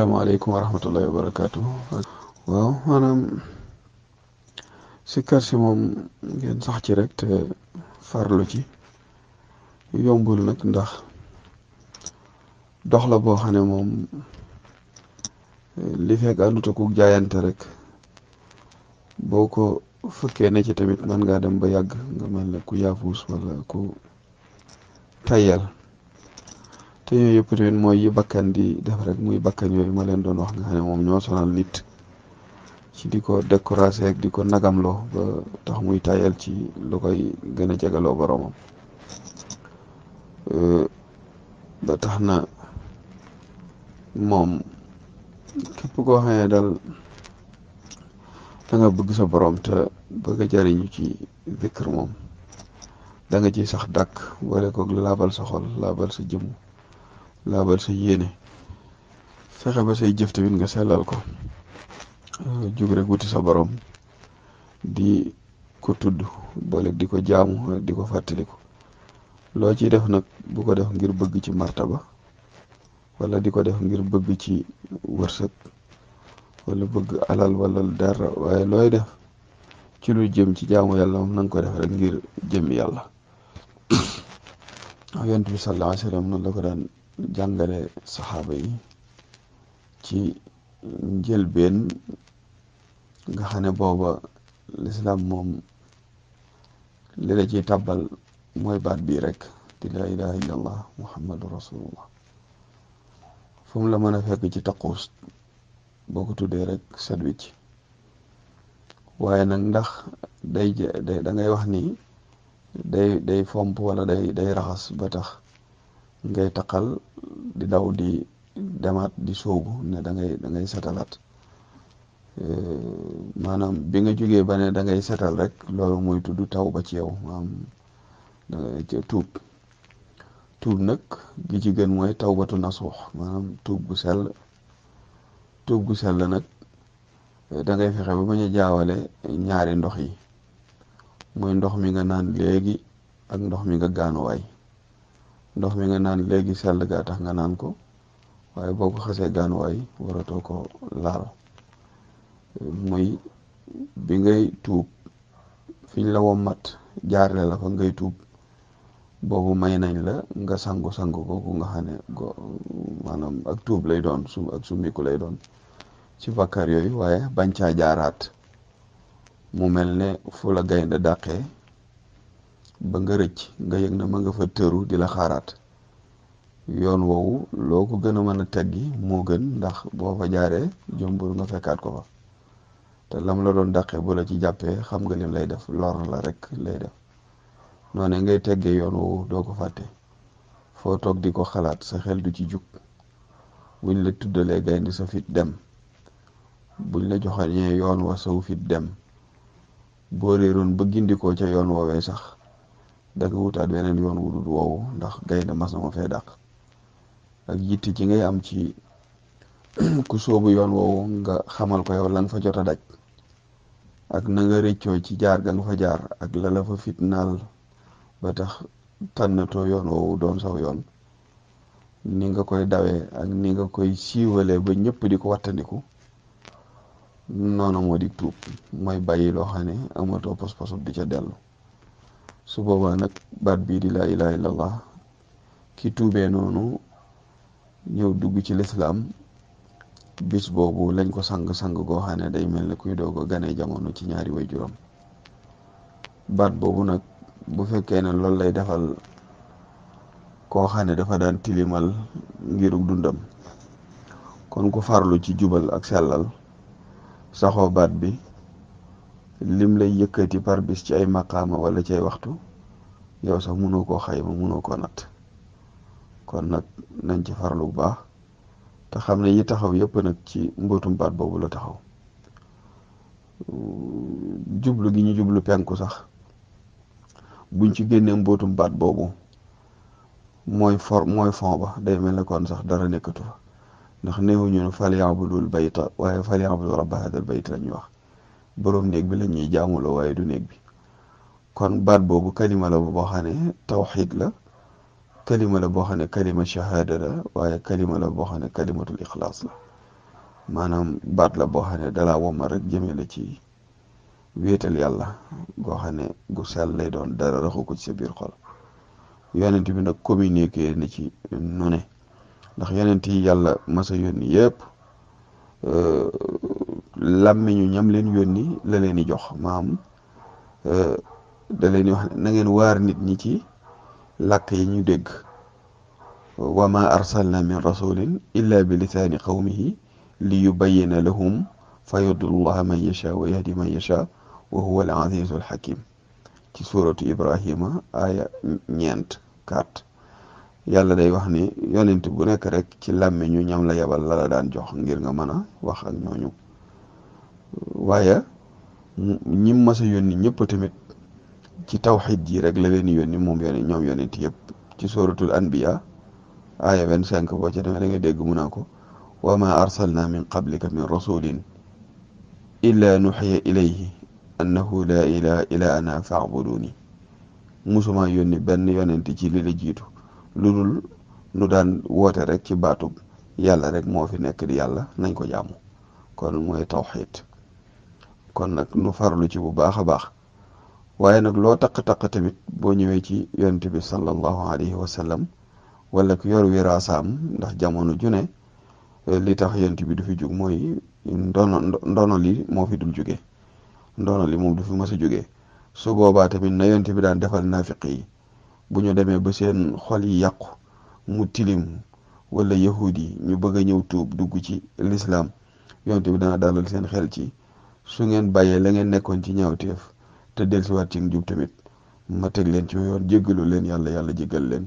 asalaamaaleykum wa rahmatullahi wa barakaatu. waaw maanaam sikkar si moom ngeen sax ci rek te farlu ci yombul nag ndax dox la boo xam ne moom li fekk ànduta ku jaayante rek boo ko fëkkee ne ci tamit man ngaa dem ba yàgg nga mel ne ku yaafus wala ku tayal te ñoo yëpp tamit mooy yi bakkan di def rek muy bakkan yooyu ma leen doon wax nga xam ne moom ñoo sonal nit ci di ko découragé ak di ko nagamloo ba tax muy tayal ci lu koy gën a jagaloo boromam ba tax na moom képp koo xam ne dal da nga bëgg sa borom te bëgg a jariñu ci zikr moom da nga ciy sax dàkk wala ko laabal sa xol laabal sa jëmm laabal sa yéene fexe ba say jëfte win nga sellal ko jug rek wuti sa borom di ko tudd boole di ko jaamu di ko fàttaliku loo ciy def nag bu ko def ngir bëgg ci martaba wala di ko def ngir bëgg ci wërsëg wala bëgg alal wala dara waaye looy def ci lu jëm ci jaamu yàlla moom na ko def rek ngir jëm yàlla bi noonu jàngale saxaaba yi ci njëlbeen nga xam ne booba lislaam moom li la ciy tàbbal mooy baat bii rek la ilaha illallah muhammadu rasulullah fu mu la mën a fekk ci taqus boo ko tuddee rek set wi ci waaye nag ndax day da ngay wax ni day day fomp wala day day raxas ba tax ngay taqal di daw di demaat di sóobu ne da ngay da ngay setalaat eh, maanaam bi nga jógee ba ne da ngay setal rek loolu mooy tudd taw ba ci yow maam da tuub tuub nag gi ci gën mooy na suux maanaam tuub gu sell tuub gu sell nag eh, dangay fexe ba bañ jaawale ñaari ndox yi mooy ndox mi nga naan léegi ak ndox mi nga gaanuwaay ndox mi nga naan léegi sell gaa tax nga naan ko waaye boo ko xasee gaanuwaay waratoo ko laal muy bi ngay tuub fiñ la wommat jaarle la fa ngay tuub boobu may nañ la nga sangu sangu googu nga xam ne ak tuub lay doon su ak summiku lay doon ci bakkaar yooyu waaye bañ caa jaaraat mu mel ne fu la gaynde dàqee ba nga rëcc nga yëg na ma nga fa tëru di la xaaraat yoon woowu loo ko gën a mën a teggi moo gën ndax boo fa jaaree jumbur nga fekkaat ko fa te lam la doon dàqee bu la ci jàppee xam nga lim lay def lor la rek lay def noone ngay teggee yoon woowu doo ko fàtte foo toog di ko xalaat sa xel du ci jug buñ la tuddalee gaynde sa fit dem buñ la joxañee yoon wa saw fit dem boo réeroon ba gindikoo ca yoon woowee sax daga nga wutaat beneen yoon wu dul woowu ndax gaynde mas fee dàq ak yitte ci ngay am ci ku soobu yoon woowu nga xamal ko yow fa jot a daj ak na nga ci jaar ga fa jaar ak lalafa la fa fitnaal ba tax tànnatoo yoon woowu doon saw yoon ni nga koy dawee ak ni nga koy siiwalee ba ñëpp di ko wattandiku noonu moo di tuub mooy bàyyi loo xam ne amatoo pos-posu di ca dellu su boobaa nag baat bii di laa ilaha illallah ki tuubee noonu ñëw dugg ci lislaam bis boobu lañ ko sang-sang goo xam day mel ne kuy doog a gane jamono ci ñaari way juróom baat boobu nag bu fekkee ne loolu lay defal koo xam dafa daan tilimal ngiruk dundam kon ku farlu ci jubal ak sellal saxoo baat bi lim lay yëkkati par bis ci ay maqaama wala ci ay waxtu yow sax mënoo koo xayma mënoo ko natt kon nag nañ ci farlu bu baax te xam ne ñi taxaw yëpp nag ci mbootum baat boobu la taxaw jublu gi ñu jublu penku sax buñ ci génnee mbootum baat boobu mooy for mooy fon ba day mel ne kon sax dara nekkatu fa ndax néewuñu ne fal yaabudul bayta waaye fal yaabudu rabba hadal bayt la ñuy wax boroom néeg bi la ñuy jaamuloo waaye du néeg bi kon baat boobu kalima la boo xam ne tawxid la kalima la boo xam ne kalima shahada la waaye kalima la boo xam ne kalimatul ixlaas la maanaam baat la boo xam ne dalaa woma rek jëmee la ci wéetal yàlla goxam ne gu sell lay doon dara raxu ko ci sa xol yonent bi nag communiqué na ci nu ne ndax yonent yi yàlla masa yónni yëpp euh, làmmiñu ñam leen yónni la leen di jox maam euh, da leen wax na ngeen waar nit ñi ci lakk yi ñu dégg wa ma arsalna min rasulin illa bi lisaani qawmihi li yubayyina lahum fa yudullah man yasha wa yahdi man yasha wa huwa al azizu al hakim ci suratu aya ñeent kaat yàlla day wax ne yonent bu nekk rek ci làmmiñu ñam la yebal la daan jox ngir nga mën a wax ak ñooñu waaye ñim masa yónni ñëpp tamit ci tawxid ji rek la leen yónni moom yónni ñoom yónent yëpp ci suratul anbiya aaya 25 boo ca demee da nga dégg mu naa ko wa ma arsalna min qablika min rasulin illa nuxiya ilayhi annahu laa ilaha illa ana faabuduni musuma yónni benn yonent la jiitu lu dul daan woote rek ci baatub yàlla rek moo fi nekk di yàlla nañ ko jaamu kon mooy tawxid kon nag nu farlu ci bu baax a baax waaye nag loo taq-taq tamit boo ñëwee ci yonent bi sallallahu alayhi wa sallam wala ku yor wiraasaam ndax jamono june eh, li tax yonent bi du fi jug mooy ndono li moo fi dul jóge ndono li moom du fi mës a jóge su boobaa tamit na yonent bi daan defal naafiq yi bu ñu demee ba seen xol yi yàqu mu tilim wala yahud yi ñu bëgg a ñëw tuub dugg ci lislaam yonent bi dana dalal seen xel ci su ngeen bàyyee la ngeen nekkoon ci ñaawteef te delsi dellusiwaat ci njub tamit ma teg leen ci yoon jéggalu leen yàlla yàlla jéggal leen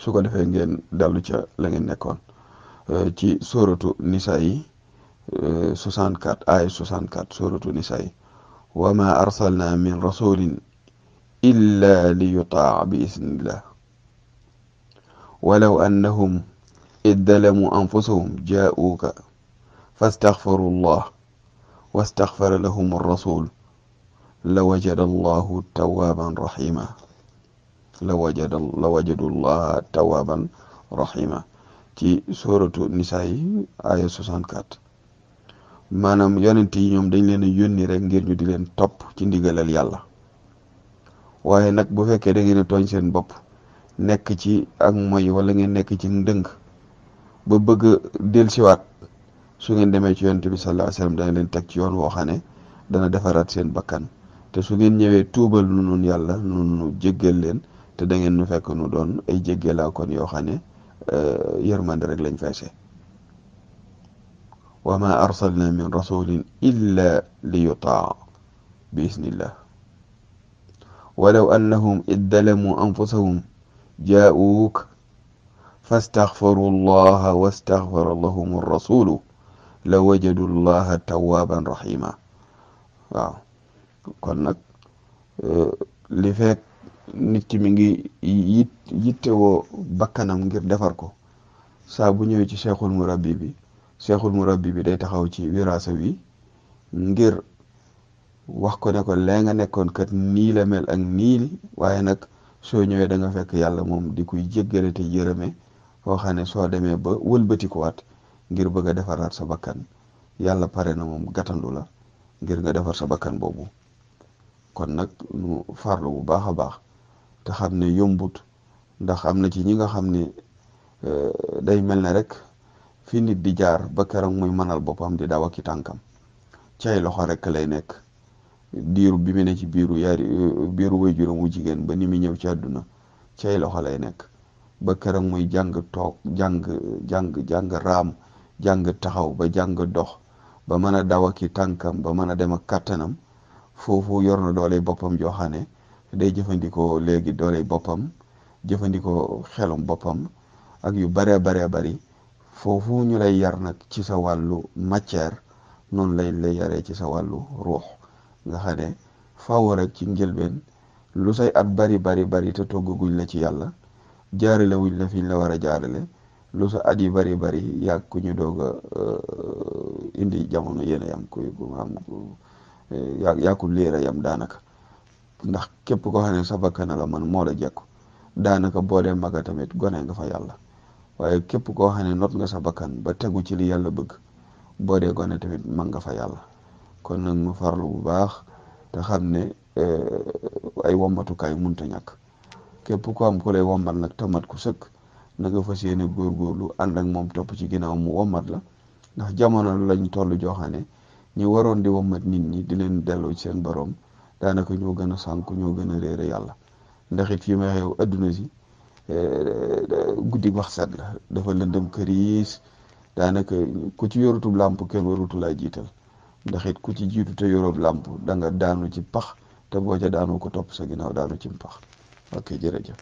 su ko defee ngeen dallu ca la ngeen nekkoon ci sóoratu nisa yi 64 ay 64 sóoratu nisa yi wa ma arsalna min rasulin illa li yutaa bi isnillah walaw annahum id dalamu anfusahum jaa'uuka fastaxfaru llah wastaxfara lahum arrasul lawajadallahu tawaban rahima lawajadal لوجد tawaban rahima ci suratu nisa yi aya 64 manam yonent yi ñoom dañ leen yoni rek ngir ñu di leen top ci ndigalal yalla waye nak bu fekke da ngeen togn seen bop nek ci ak moy wala ngeen nek ci ndeng ba bëgg delsiwaat su ngeen demee ci yonent bi sallallahu alayhi wasallam dañ leen tek ci yoon wo xane dana defarat seen bakkan te su ngeen ñëwee tuubal nu nun yàlla nun nu jéggal leen te da ngeen nu fekk nu doon ay jéggalaa kon yoo xam ne euh, yërmande rek lañ feese wa ma arsalna min rasulin illa li yutaa bi isnillah walaw annahum id dalamuu anfusahum jaa'uuk fastaxfaru llaha wastaxfara lahum rasulu la wajadu llaha tawaaban rahima kon nag euh, li fekk nit ki mi ngi yit yittewoo bakkanam ngir defar ko saa bu ñëwee ci mu murabbi bi cheikhul murabbi bi day taxaw ci wirasa wi ngir wax ko ne ko lee nga nekkoon kat nii mel ak nii waaye nag soo ñëwee da fekk yàlla moom di kuy jéggale te yërëme foo xam ne soo demee ba wëlbatikuwaat ngir bëgg a defaraat sa bakkan yàlla pare na moom gàttandu la ngir nga defar sa bakkan boobu kon nag nu farlu bu baax a baax te xam ne yombut ndax am na ci ñi nga xam ne euh, day mel ne rek fii nit di jaar ba keroog muy mënal boppam di daw ak i tànkam ci ay loxo rek lay nekk diiru bi mu ne ci biiru yaari euh, biiru waajuram wu jigéen ba ni mu ñëw ci àdduna ci ay loxo lay nekk ba keroog muy jàng toog jàng jàng jàng raam jàng taxaw ba jàng dox ba mën a daw ak i tànkam ba mën a dem ak kàttanam foofu yor na doole boppam joo xam ne day jëfandikoo léegi doole boppam jëfandikoo xelum boppam ak yu baree baree bari foofu ñu lay yar nag ci sa wàllu matière noonu lay lay yare ci sa wàllu ruux nga xam ne faaw ci njëlbeen lu say at bari bari bari te toggaguñ la ci yàlla jaarale wuñ la fiñ la war a jaarale lu sa at yi bari bari yàgg ku ñu doog a euh, indi jamono yéen a am Eh, yaa yàqul liira yam daanaka ndax képp koo xam ne sa bakkan la man moo la jekku daanaka boo dee maga tamit gone nga fa yàlla waaye képp koo xam ne not nga sa bakkan ba tegu ci li yàlla bëgg boo dee gone tamit mag nga fa yàlla kon nag nu farlu bu baax te xam ne eh, ay wommatukaay munta ñàkk képp ko am ku lay wommat nag tamat ku sëkk na nga fas yéene góorgóorlu ànd ak moom topp ci ginnaaw mu wommat la ndax jamono lañ toll joo xam ñi waroon di mat nit ñi di leen delloo ci seen boroom daanaka ñoo gën a sànku ñoo gën a réere yàlla ndaxit it fi may xew adduna si eh, eh, guddi wax set la dafa lëndëm këriis daanaka ku ci yorutub làmp kenn warutu laa jiital ndax it ku ci jiitu te yorub làmp danga nga ci pax te boo ca daanu ko topp sa ginnaaw daanu ci pax ok jërëjëf